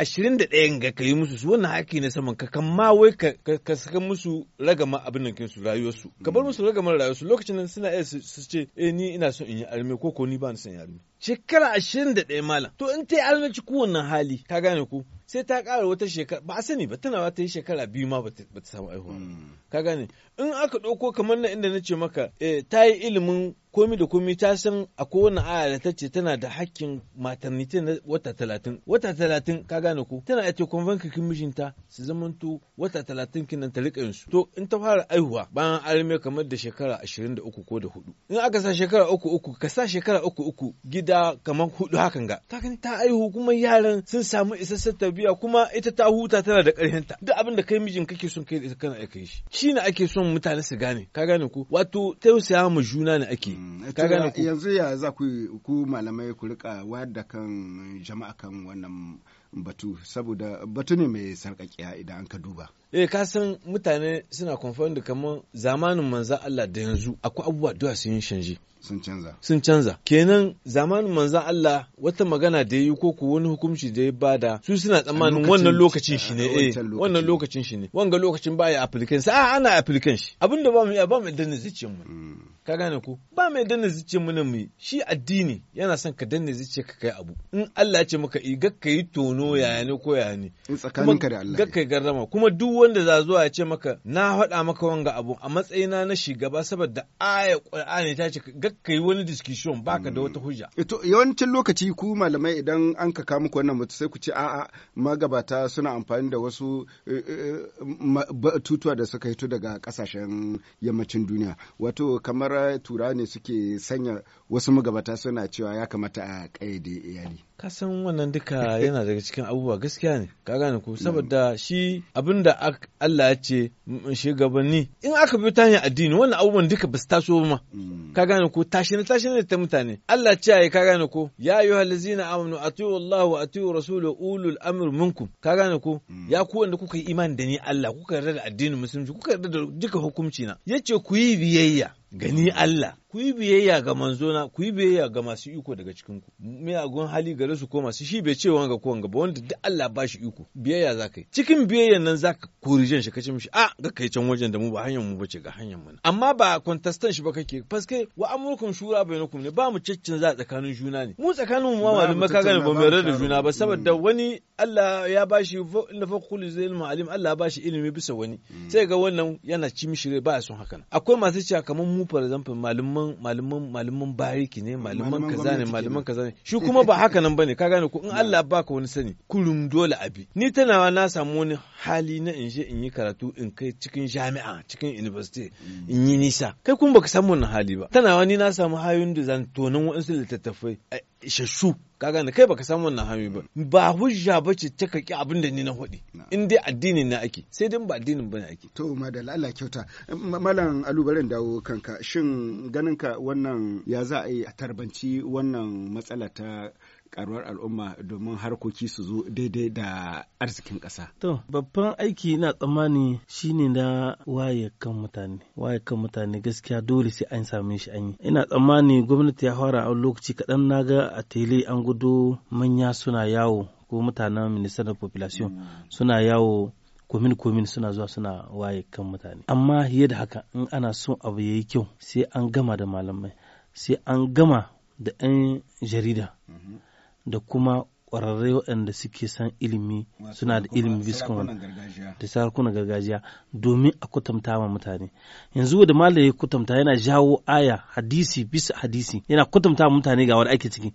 ashirin da ɗayan ga ka yi musu su wannan haƙƙi na saman ka kan ma wai ka saka musu ragama abin nan rayuwar su. ka bar musu ragamar su. lokacin nan suna iya su ce eh ni ina son in yi arme ko ko ni ba ni son in yi arme shekara ashirin da ɗaya malam to in ta yi almanci kowanne hali ta gane ku. sai ta ƙara wata shekara ba a sani ba tana ta yi shekara biyu ma ba ta samu aihuwa hmm. ka gane in aka ɗauko kamar na inda na ce maka eh, ta yi ilimin komi da komi ta san a kowane aya da ta ce tana da hakkin maternity na wata talatin wata talatin ka gane ko tana ake kwanfanka kin mijinta su to wata talatin kinan ta riƙa yinsu to in ta fara aihuwa bayan arme kamar da shekara ashirin da uku ko da hudu in aka sa shekara uku uku ka sa shekara uku uku gida kamar hudu hakan ga ta ta aihu kuma yaran sun samu isassar biya kuma ita ta huta tana da ƙarfinta duk abin da kai mijin kake son kai da kana kai shi shi ne ake son mutane su gane ka gane ku wato tausaya ma juna ne ake mm, eh, ka gane ku yanzu ya za ku ku malamai ku rika wayar da kan jama'a kan wannan batu saboda batu ne mai sarƙaƙiya idan an ka duba eh ka san mutane suna confirm da kaman zamanin manzan Allah da yanzu akwai abubuwa da sun canje sun canza sun canza kenan zamanin manzan Allah wata magana da yi ko ko wani hukunci da ya bada su suna tsammanin wannan lokacin shi ne eh wannan lokacin shi ne wanga lokacin baya applicant sa a ana applicant shi abinda ba mu ba mu danna zuciyar mu mm. ka gane ko ba mu danna zuciyar mu ne mu shi addini yana son ka danna zuciyar ka kai abu in Allah ya ce maka i gakka yi tono yayane ko yayane in tsakaninka da Allah gakka gardama kuma duk wanda za zuwa ya ce maka na faɗa maka wanga abu a matsayina na shugaba saboda aya ƙur'ani ta ce gakka yi wani discussion baka da wata hujja. Ito mm. yawancin lokaci ku malamai idan an ka kawo muku wannan mutu sai ku ce a'a magabata suna amfani da wasu eh, eh, batutuwa da suka hito daga kasashen yammacin duniya wato kamar tura ne suke sanya wasu magabata suna cewa ya kamata a kayyade iyali. kasan wannan duka (laughs) yana daga cikin abubuwa gaskiya ne ka gane ko saboda shi abin da Allah ya ce shugabanni in aka bi ta addini wannan abubuwan duka ba su taso ba mm. ka gane ko tashi na tashi ta mutane Allah ce ya ka gane ko ya yi allazina amanu atiu Allah wa rasulu ulul amr minkum ka gane ko mm. ya ku wanda kuka yi imani da ni Allah kuka yarda da addinin musulunci kuka yarda da duka hukunci na yace ku yi biyayya gani Allah ku yi biyayya ga manzona ku yi biyayya ga masu iko daga cikin ku miyagun hali gare su ko masu shi bai ce wanga ko wanga ba wanda duk Allah ba shi iko biyayya za ka yi cikin biyayyan nan za ka jan shi ka ce mishi a ah, ga kai can wajen da mu ba hanyar mu bace ga hanyar mu amma ba contestan shi ba kake paske wa amurkun shura bainakum ne ba mu ciccin za tsakanin juna ne mu tsakanin mu ma maka gane ba mu yarda da juna ba saboda hmm. wani Allah ya ba shi inna kullu zil alim Allah ba shi ilimi bisa wani hmm. sai ga wannan yana ci mishi ba son hakan akwai masu cewa kamar mu for example malaman malaman malaman bariki ne malaman kaza ne malaman kaza ne shi kuma ba haka nan bane ka gane ko in (laughs) Allah ba ka wani sani kurum dole abi ni tanawa na samu wani hali na in je in yi karatu in kai cikin jami'a cikin university mm. in yi nisa kai kuma baka samu wannan hali ba tanawa ni na samu hayoyin da zan tonan wa'ansu littattafai isassu ka gane kai baka samu wannan hami ba ba hujja ba ce ta kaki abin da ni na hudi in dai addinin na ake sai dai ba addinin bane ake to madalla Allah kyauta malam alubaren dawo kanka shin ganin ka wannan ya za a yi a tarbanci wannan matsala ta karuwar al'umma domin harkoki su zo daidai da arzikin ƙasa. To, babban aiki na tsammani shine na waye kan mutane. Waye kan mutane gaskiya dole sai an same shi an yi. Ina tsammani gwamnati ya fara a lokaci kaɗan na ga a tele an gudu manya suna yawo ko mutanen ministan of population suna yawo komin komin suna zuwa suna waye kan mutane. Amma fiye da haka in ana son abu ya yi kyau sai an gama da malamai. Sai an gama da 'yan jarida. Mm -hmm. da kuma ƙwararre waɗanda suke san ilimi suna da ilimi biskan da sarakunan gargajiya domin a kwatanta wa mutane yanzu da malam ya kwatanta yana jawo aya hadisi bisa hadisi yana kwatanta mutane ga wani ake ciki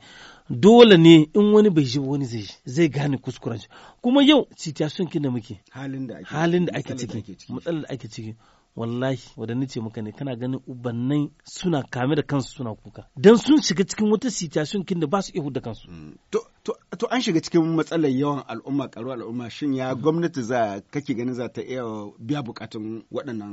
dole ne in wani bai shi wani zai zai gane kuskuren kuma yau situation kin da muke halin da ake ciki matsalar da ake ciki wallahi ni ce muka ne kana ganin ubannin suna kame da kansu suna kuka dan sun shiga cikin wata situation kin da ba su ihu da kansu mm. to an shiga cikin matsalar yawan al'umma karu al'umma shin ya gwamnati za kake ganin za ta iya biya bukatun waɗannan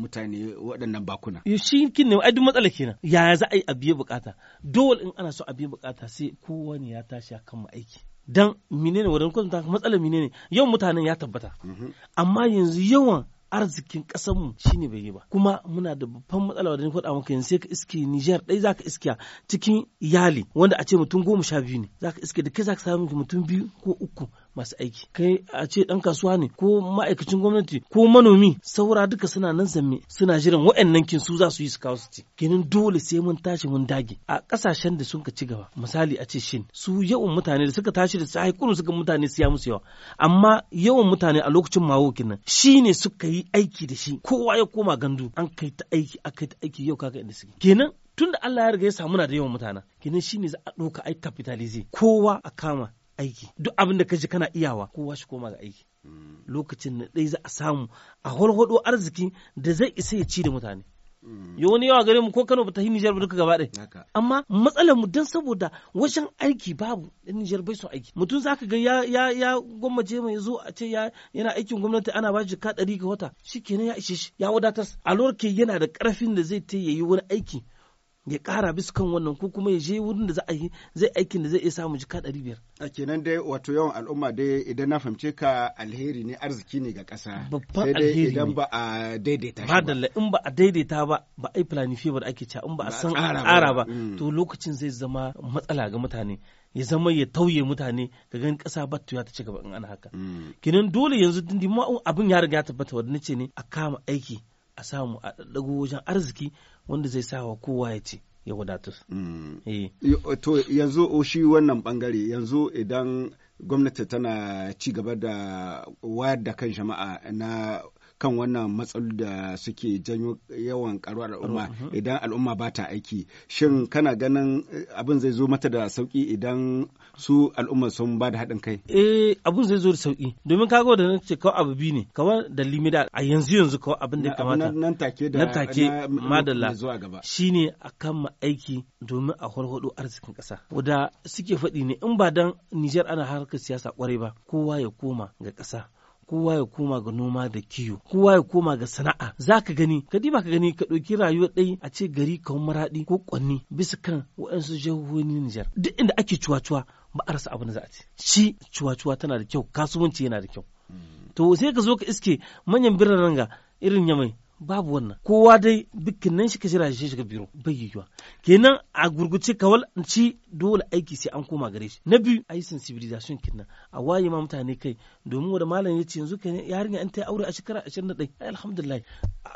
mutane waɗannan bakuna. Shi kin ne duk matsala kenan. Yaya za a yi a biye bukata? Dole in ana so a biye bukata sai kowa ne ya tashi a kan aiki. Dan menene wadannan kwatanta matsalar menene? Yawan mutanen ya tabbata. Mm-hmm. Amma yanzu yawan arzikin shi shine bai yi ba kuma muna da babban matsala wadda ni faɗa maka yanzu sai ka iske Niger ɗai zaka iske cikin iyali wanda a ce mutum goma sha biyu ne zaka iske da kai zaka samu mutum biyu ko uku masu aiki kai a ce dan kasuwa ne ko ma'aikacin gwamnati ko manomi saura duka suna nan zamme suna jiran wa'annan kin su za su yi su kawo su ci kenan dole sai mun tashi mun dage a kasashen da sun ka ci gaba misali a ce shin su yawan mutane da suka tashi da sai kunu suka mutane su ya musu yawa amma yawan mutane a lokacin mawo kinan shine suka yi aiki da shi kowa ya koma gandu an kai ta aiki aka ta aiki yau kaga inda suke kenan tun da Allah ya riga ya samu na da yawan mutane kenan shine za a ɗauka ai capitalism kowa a kama aiki duk abin da ka ji kana iyawa kowa shi koma ga aiki lokacin na ɗai za a samu a holhodo arziki da zai isa ya ci da mutane yau wani yawa gare mu ko Kano bata yi Nijar ba duka gaba ɗaya amma matsalar mu dan saboda wajen aiki babu ɗan Nijar bai son aiki mutum zaka ga ya ya ya mai zo a ce ya yana aikin gwamnati ana ba shi ka ɗari ga wata shikenan ya ishe shi ya wadatar a lokacin yana da ƙarfin da zai ta yayi wani aiki ya kara bisa kan wannan ko kuma ya je wurin da za a yi zai aikin da zai iya samu jika ɗari biyar. a kenan dai wato yawan al'umma dai idan na fahimce ka alheri ne arziki ne ga ƙasa babban alheri ne idan ba a daidaita shi ba in ba a daidaita ba ba a yi planifiye ba da ake ca in ba a san ƙara ba mm. to lokacin zai zama matsala ga mutane ya zama ya tauye mutane ga ganin ƙasa ba ta ci gaba in ana haka mm. kenan dole yanzu tun abin ya riga ya tabbata na ce ne a kama aiki a samu a ɗaɗɗago wajen arziki wanda zai sa wa kowa ya ce ya wadatu. Mm. Eh. To yanzu shi wannan bangare yanzu idan gwamnati tana ci gaba da wayar da kan jama'a na kan wannan matsaloli da suke janyo yawan karuwar al'umma uh-huh. idan al'umma ba ta aiki shin kana ganin eh, abin zai zo mata da sauki idan su al'umma sun ba da haɗin kai eh abin zai zo da sauki domin kaga da nan ce kawai abu biyu ne kawai da limida a yanzu yanzu kawai abin da ya kamata nan take da nan take madalla shine akan mu aiki domin a horhodo arzikin ƙasa wanda suke faɗi ne in ba dan Nijar ana harkar siyasa kwarai ba kowa ya koma ga ƙasa kowa ya koma ga noma da kiwo kowa ya koma ga sana'a zaka gani ka diba ka gani ka ɗauki rayuwa ɗai a ce gari kamar maraɗi ko kwanni bisa kan waɗansu jihohin Nijar duk inda ake cuwa-cuwa ba a rasa abin da za a ci shi cuwa-cuwa tana da kyau kasuwanci yana da kyau mm. to sai ka zo ka iske manyan birnin ranga irin yamai babu wannan kowa dai nan shi ka jira shi shiga biro bai yiwuwa kenan a gurguce kawal ci dole aiki sai an koma gare shi na biyu ayi sensibilization kenan a waye ma mutane kai domin wanda malam ya ce yanzu kai yarinya an ta aure a shekara 21 alhamdulillah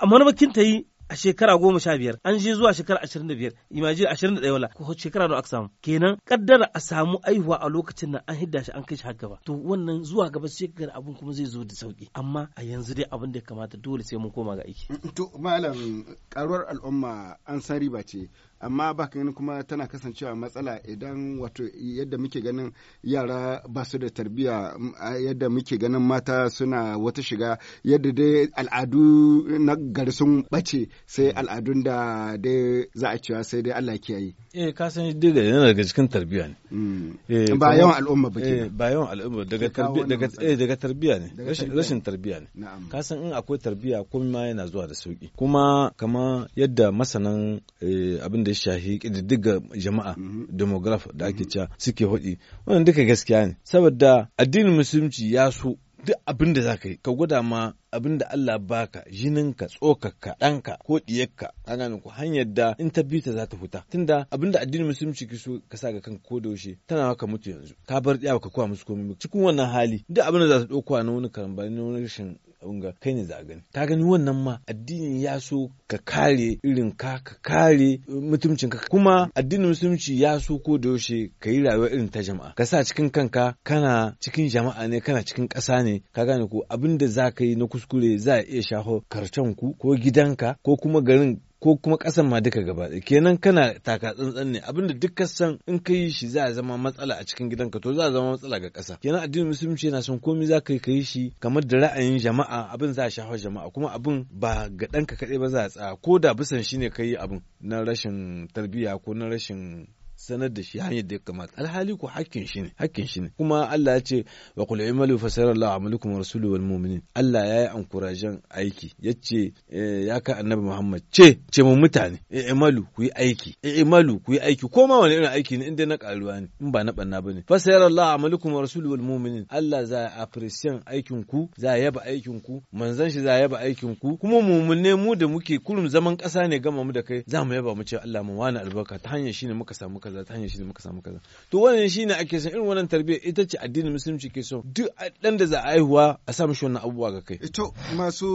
amma na bakin ta yi a shekara goma sha biyar an je zuwa shekara ashirin da biyar imaji ashirin da ɗaya wala ko shekara nawa aka samu kenan kaddara a samu aihuwa a lokacin nan an hidda shi an kai shi har gaba to wannan zuwa gaba sai ka abun kuma zai zo da sauki amma a yanzu dai abin da ya kamata dole sai mun koma ga aiki. to malam karuwar al'umma an san riba ce amma ba ka gani kuma tana kasancewa matsala idan wato yadda muke ganin yara ba su da tarbiyya mm, yadda muke ganin mata suna wata shiga yadda dai al'adu na gari sun bace sai al'adun da dai za a cewa sai dai Allah yi. eh ka san da yana daga cikin tarbiyya ne mm. eh, ba yawan al'umma ba eh, ke ba yawan al'umma daga tarbiyya daga eh daga tarbiyya ne rashin tarbiyya ne ka san in akwai tarbiyya komai ma yana zuwa da sauki kuma kama yadda masanan eh, abin da ya shahi kididdiga jama'a mm-hmm. demograph da ake mm-hmm. cewa suke hudi wannan duka gaskiya ne saboda addinin musulunci ya so duk abin da za ka yi ka gwada ma abin da Allah baka jininka tsokarka ɗanka ko ɗiyarka an gane ku hanyar da in ta bita ta za ta huta tunda abin da addinin musulunci ki so ka sa ga kanka ko da yaushe tana ka mutu yanzu ka bar ɗiya ka kowa musu komai cikin wannan hali duk abin da za ta ɗauko na wani karambani na wani rashin ga kai ne zagani ta gani ka gani wannan ma addinin ya so ka kare irin ka ka kare mutumcin ka kuma addinin musulunci ya so ko da yaushe ka yi rayuwa irin ta jama'a ka sa cikin kanka kana cikin jama'a ne kana cikin ƙasa ne ka gane ko abin da za ka yi na kuskure za a iya shaho karcen ku ko gidanka ko kuma garin ko kuma ƙasan ma duka gaba kenan kana taka tsantsan ne abinda duk ka san in ka yi shi za a zama matsala a cikin gidanka to za a zama matsala ga ƙasa kenan addinin musulunci yana son komai za ka yi ka yi shi kamar da ra'ayin jama'a abin za a shafa jama'a kuma abin ba ga ɗanka kaɗai ba za a tsaya ko da bisan shi ne ka yi abin na rashin tarbiyya ko na rashin sanar da shi hanyar da ya kamata alhali ku hakkin shi ne hakkin shi ne kuma Allah ya ce wa qul imalu fa sarallahu amalukum rasulu wal mu'minin Allah ya yi ankurajen aiki yace ya eh, ka annabi Muhammad ce ce mu mutane imalu ku yi aiki imalu ku yi aiki ko ma wani irin aiki ne inda na karuwa ne in ba na banna bane fa sarallahu amalukum rasulu wal mu'minin Allah za ya appreciate aikin ku za ya yaba aikin ku manzon shi za ya yaba aikin ku kuma mu'minne mu da muke kurum zaman kasa ne gama mu da kai za mu yaba mu ce Allah mu wani albarka ta hanyar shi ne muka samu kaza ta hanyar shi ne muka samu kaza to wannan ne ake son irin wannan tarbiyya ita ce addinin musulunci ke so duk dan da za a haihuwa a sa mishi wannan abubuwa ga kai to masu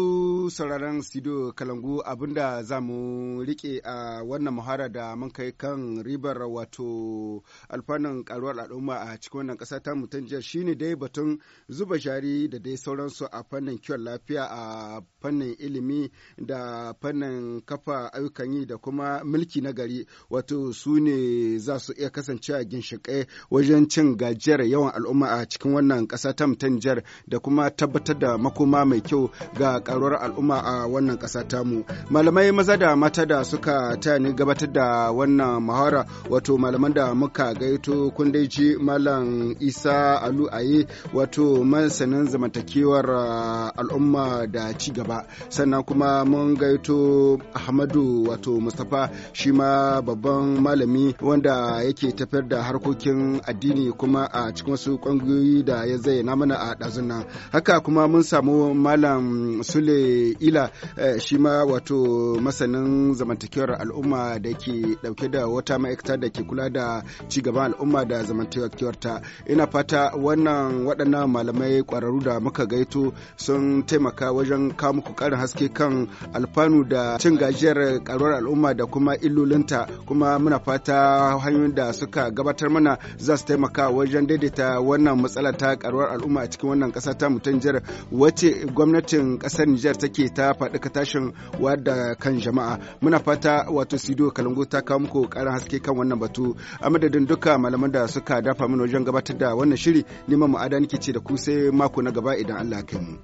sauraron studio kalangu abinda za mu rike a wannan muhara da mun kai kan ribar wato alfanun karuwar al'umma a cikin wannan kasa ta mu shi shine dai batun zuba jari da dai sauransu a fannin kiwon lafiya a fannin ilimi da fannin kafa ayyukan yi da kuma mulki na gari wato su ne za su iya kasancewa ginshiƙe wajen cin gajiyar yawan al'umma a cikin wannan ƙasa ta mutanjar da kuma tabbatar da makoma mai kyau ga karuwar al'umma a wannan ƙasa mu malamai maza da mata da suka taya ni gabatar da wannan mahara wato malaman da muka gaito kun malam isa alu aye wato masanin zamantakewar uh, al'umma da ci gaba sannan kuma mun gaito ahmadu wato mustapha shi ma babban malami wanda yake tafiyar da harkokin addini kuma a cikin wasu ƙungiyoyi da ya zayyana mana a ɗazun nan haka kuma mun samu malam sule ila eh, shi ma wato masanin zamantakewar al'umma da ke ɗauke da wata ma'aikata da ke kula da cigaban al'umma da zamantakewar ta ina fata wannan waɗannan malamai ƙwararru da muka gaito sun taimaka wajen kawo muku ƙarin haske kan alfanu da cin gajiyar ƙaruwar al'umma da kuma illolinta kuma muna fata hanyoyin da suka gabatar mana za su taimaka wajen daidaita wannan matsala ta karuwar al'umma a cikin wannan kasa ta mutan jihar wacce gwamnatin kasar Nijar take ta faɗi ka tashin wada kan jama'a. Muna fata wato Sido kalungu ta kawo muku karin haske kan wannan batu. A madadin duka malaman da suka dafa mana wajen gabatar da wannan shiri neman ma'ada nake ce da ku sai mako na gaba idan Allah ya kai mu.